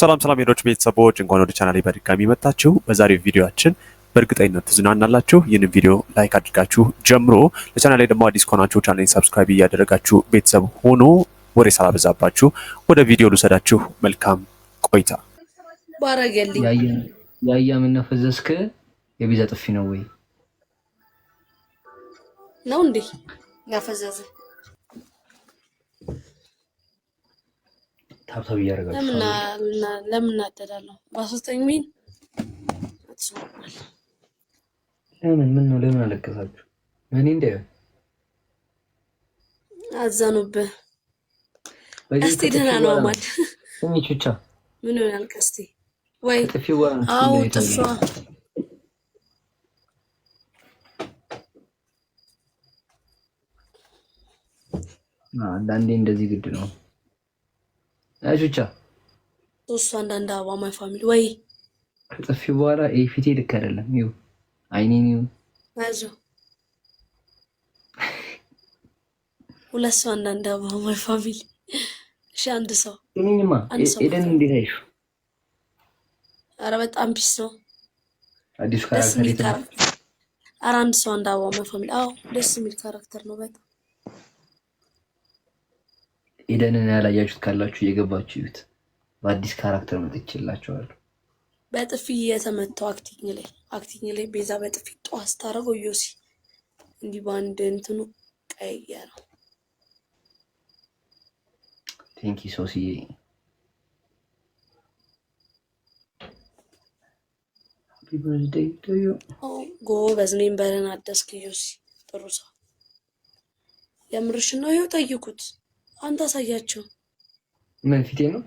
ሰላም ሰላም ሄዶች ቤተሰቦች እንኳን ወደ ቻናሌ በድጋሚ መጣችሁ። በዛሬው ቪዲዮችን በእርግጠኝነት ትዝናናላችሁ። ይህንን ቪዲዮ ላይክ አድርጋችሁ ጀምሮ ለቻናሌ ደግሞ አዲስ ከሆናችሁ ቻናሌን ሰብስክራይብ እያደረጋችሁ ቤተሰብ ሆኖ ወሬ ሳላበዛባችሁ ወደ ቪዲዮ ልውሰዳችሁ። መልካም ቆይታ። ባረገልኝ ያያ የምናፈዘስክ የቤዛ ጥፊ ነው ወይ ነው እንዴ ያፈዘዘ ታብታብ እያደረጋችሁ ለምን እናደዳለሁ? በሶስተኛ ሚን ለምን ምን ነው? ለምን አለቀሳችሁ? እኔ እንደ አዘኑብህ። እስቲ ደህና ነው ምን ይሆናል? ቀስቲ ወይ አዎ አንዳንዴ እንደዚህ ግድ ነው። ቹቻ እሱ አንዳንድ አበባ ማይ ፋሚሊ ወይ ከጥፊ በኋላ ፊቴ ልክ አይደለም። አይኔን ሁለት ሰው አንዳንድ አበባ ማይ ፋሚሊ እሺ፣ አንድ ሰው ምንማ ኤደን እንዴት አይሹ? አረ በጣም ፒስ ነው። ካራክተር አረ አንድ ሰው አንድ አበባ ማይ ፋሚሊ። አዎ ደስ የሚል ካራክተር ነው በጣም ኤደንን ያላያችሁት ካላችሁ እየገባችሁ እዩት። በአዲስ ካራክተር መጥቼላችኋለሁ። በጥፊ የተመታው አክቲንግ ላይ አክቲንግ ላይ ቤዛ በጥፊ ጧ ስታደርገው ዮሲ እንዲህ በአንድ እንትኑ ቀየ ነው። ቴንኪ ሶሲ ጎበዝ። እኔም በረን አደስክ ዮሲ ጥሩ ሰው የምርሽ ነው። ይኸው ጠይቁት አንተ አሳያቸው። ምን ፊቴ ነው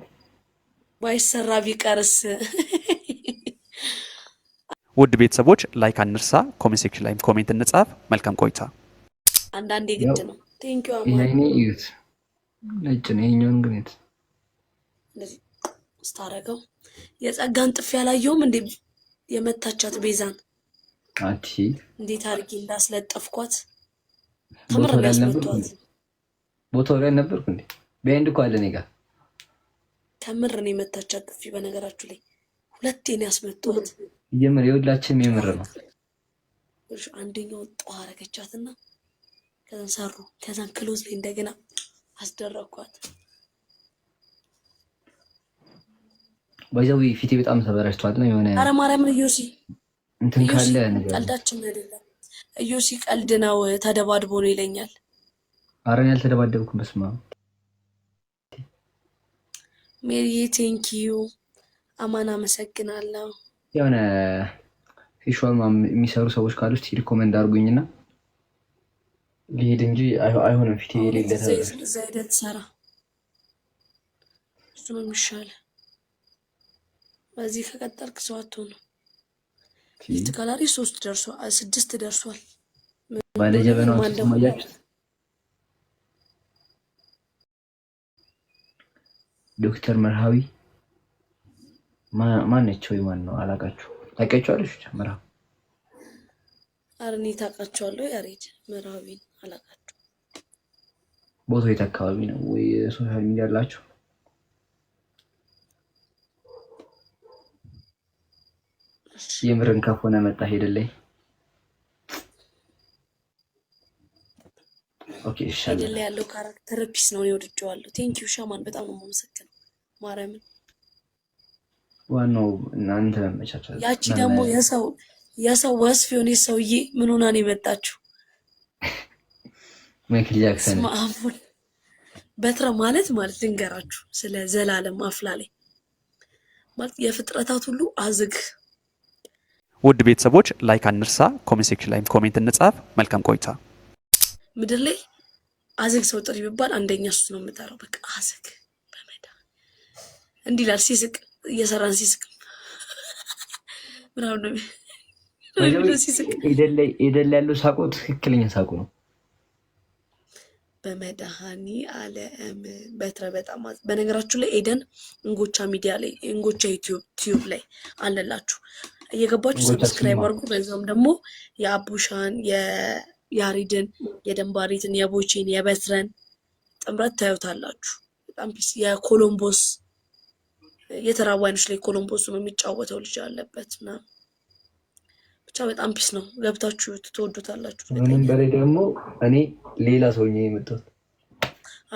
ባይሰራ ቢቀርስ? ውድ ቤተሰቦች ላይክ አንርሳ፣ ኮሜንት ሴክሽን ላይ ኮሜንት እንጻፍ። መልካም ቆይታ። አንዳንዴ ግድ ነው። ቴንኪው ይሄኔ እዩት፣ ነጭ ነው። ይሄኛውን ግን እዩት፣ እንደዚህ ስታረገው የጸጋን ጥፊ ያላየውም እንዴ? የመታቻት ቤዛን አቲ እንዴት አድርጌ እንዳስለጠፍኳት ተምር ያስመቷት ቦታው ላይ ነበርኩ እንዴ? በንድ እኮ አለ እኔ ጋር ከምር ነው የመታች አጥፊ። በነገራችሁ ላይ ሁለቴ ነው ያስመጣሁት። የምር የሁላችንም የምር ነው። እሺ አንደኛው ጠዋ አረገቻትና ከዛን ሰሩ ከዛን ክሎዝ ላይ እንደገና አስደረግኳት። በዛው ፊቴ በጣም ተበላሽቷል። ነው የሆነ ኧረ ማርያምን እዮሲ እንትን ካለ ነገር ቀልዳችን አይደለም እዮሲ፣ ቀልድ ነው ተደባድቦ ነው ይለኛል አረን ያልተደባደብኩ አልተደባደብኩም። በስመ አብ ዩ አማን፣ አመሰግናለሁ። የሆነ ፌሻል የሚሰሩ ሰዎች ካሉ እስኪ ሪኮመንድ አድርጉኝና ሊሄድ እንጂ አይሆንም። ፊት የሌለዛ ሂደት ሰራ እሱ ነው የሚሻለ። በዚህ ከቀጠልክ ሰዋቶ ነው ፊት ጋላሪ ሶስት ደርሷል፣ ስድስት ደርሷል። ባለጀበና ማያችሁት ዶክተር መርሃዊ ማነቸው? ወይ ማን ነው አላውቃችሁ። ታውቂያቸዋለሽ? መርሃዊ አርኒ ታውቃቸዋለሁ። ያሬድ መርሃዊን አላውቃችሁ። ቦታ የት አካባቢ ነው ወይ ሶሻል ሚዲያ አላችሁ? የምርን ከሆነ መጣ ሄደላይ ሄደላይ ያለው ካራክተር ፒስ ነው። እኔ ወድጀዋለሁ። ቴንኪዩ ሻማን በጣም ነው የማመሰግነው። ማርያምን ዋናው እናንተ መቻቻል። ያቺ ደግሞ የሰው የሰው ወስፍ የሆነ ሰውዬ ምን ሆና ነው የመጣችው? ማይክል ጃክሰን በትረ ማለት ማለት ልንገራችሁ ስለ ዘላለም አፍላ ላይ ማለት የፍጥረታት ሁሉ አዝግ። ውድ ቤተሰቦች ላይክ አንርሳ፣ ኮሜንት ሴክሽን ላይ ኮሜንት እንጻፍ። መልካም ቆይታ። ምድር ላይ አዝግ ሰው ጥሪ ቢባል አንደኛ እሱ ነው የምጠራው። በቃ አዝግ እንዲህ ይላል ሲስቅ እየሰራን ሲስቅ ምናምን ኤደን ያለው ሳቁ ትክክለኛ ሳቁ ነው። በመድሃኒ አለም በትረ በጣም በነገራችሁ ላይ ኤደን እንጎቻ ሚዲያ ላይ እንጎቻ ዩቲዩብ ላይ አለላችሁ እየገባችሁ ሰብስክራይብ አድርጉ። በዛም ደግሞ የአቡሻን የያሪድን የደንባሪትን የቦቼን የበትረን ጥምረት ታዩታላችሁ። በጣም የኮሎምቦስ የተራቡ አይኖች ላይ ኮሎምቦስ የሚጫወተው ልጅ አለበት ምናምን ብቻ በጣም ፒስ ነው። ገብታችሁ ትወዱታላችሁ። ምንም በላይ ደግሞ እኔ ሌላ ሰውዬ የመጣሁት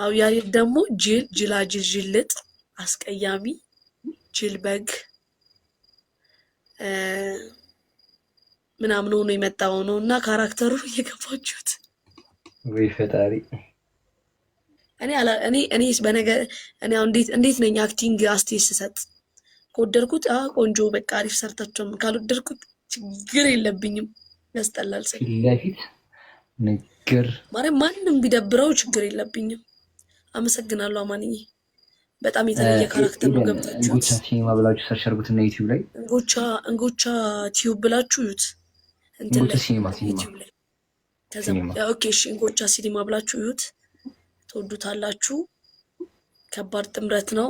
አው ያሬድ ደግሞ ጅል ጅላጅል፣ ጅልጥ፣ አስቀያሚ፣ ጅል በግ ምናምን ሆኖ የመጣው ነው እና ካራክተሩ እየገባችሁት ወይ ፈጣሪ እኔ አላ እኔ እኔስ በነገ እኔ እንዴት እንዴት ነኝ አክቲንግ አስቴጅ ስሰጥ ከወደድኩት ቆንጆ በቃ አሪፍ ሰርታችሁም፣ ካልወደድኩት ችግር የለብኝም። ያስጠላል ሰው ለፊት ንግር ማርያም ማንም ቢደብረው ችግር የለብኝም። አመሰግናለሁ አማንዬ። በጣም የተለየ ካራክተር ነው። ገብታችሁት ብላችሁ ሰርች አድርጉት እና ዩቲዩብ ላይ እንጎቻ እንጎቻ ቲዩብ ብላችሁ ዩት እንትን ላይ ዩቲዩብ ላይ ከዛ ኦኬ፣ እሺ እንጎቻ ሲኒማ ብላችሁ ዩት ትወዱታላችሁ። ከባድ ጥምረት ነው።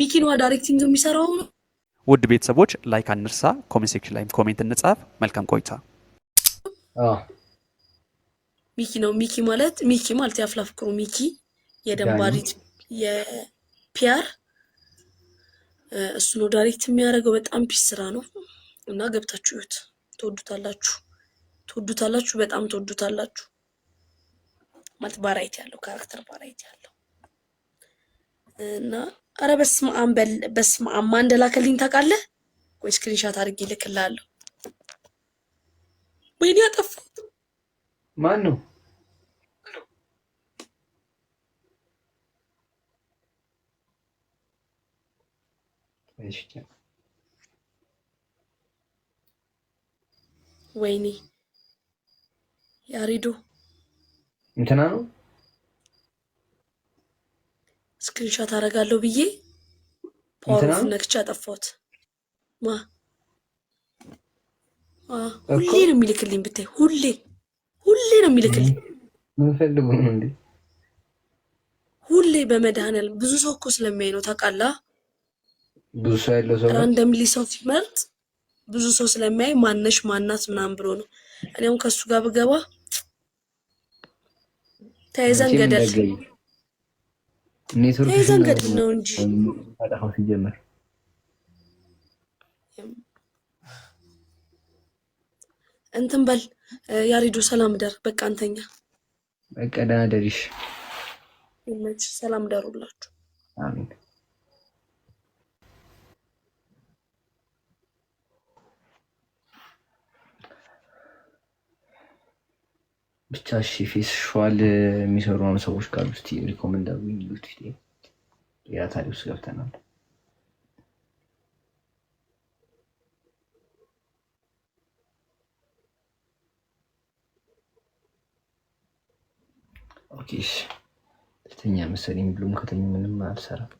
ሚኪንዋ ዳይሬክቲንግ የሚሰራው ነው። ውድ ቤተሰቦች ላይክ አንርሳ፣ ኮሜንት ሴክሽን ላይ ኮሜንት እንጻፍ። መልካም ቆይታ። ሚኪ ነው ሚኪ ማለት ሚኪ ማለት የአፍላ ፍቅሩ ሚኪ የደንባሪት የፒያር እሱ ነው ዳይሬክት የሚያደርገው። በጣም ፒስ ስራ ነው እና ገብታችሁት ትወዱታላችሁ። ትወዱታላችሁ፣ በጣም ትወዱታላችሁ። ማለት ባራይቲ ያለው ካራክተር ባራይቲ ያለው እና አረ በስመ አብ በል በስመ አብ ማን እንደላከልኝ ታውቃለህ? ወይ? ስክሪንሻት አድርጌ ልክልሃለሁ። ወይኔ ያጠፋሁት ማን ነው? ወይኔ ያሬዶ እንትና ነው ስክሪንሻት አደርጋለሁ ብዬ ፓወር ነክቼ አጠፋሁት። ማ ሁሌ ነው የሚልክልኝ ብታይ፣ ሁሌ ሁሌ ነው የሚልክልኝ። ምን ፈልጎ ነው እንዴ? ሁሌ በመድኃኒዓለም ብዙ ሰው እኮ ስለሚያይ ነው ታውቃለህ። ብዙ ሰው ያለው ሰው ራንደምሊ ሰው ሲመርጥ ብዙ ሰው ስለሚያይ ማነሽ ማናት ምናምን ብሎ ነው። እኔ አሁን ከእሱ ጋር ብገባ ተያይዘን ገደል ተያይዘን ገደል ነው እንጂ ሲጀመር እንትን በል ያሬዱ ሰላም ደር በቃ አንተኛ በቃ ደህና ደሪሽ ሰላም ደሩላችሁ አሜን ብቻ እሺ፣ ፌስ ሸዋል የሚሰሩ ነው ሰዎች ካሉ ስ ሪኮመንድ አድርጉኝ። ዩቲቲ ያ ታሪክ ውስጥ ገብተናል። ኦኬ፣ እሺ፣ ተኛ መሰለኝ። ብሎም ከተኝ ምንም አልሰራም።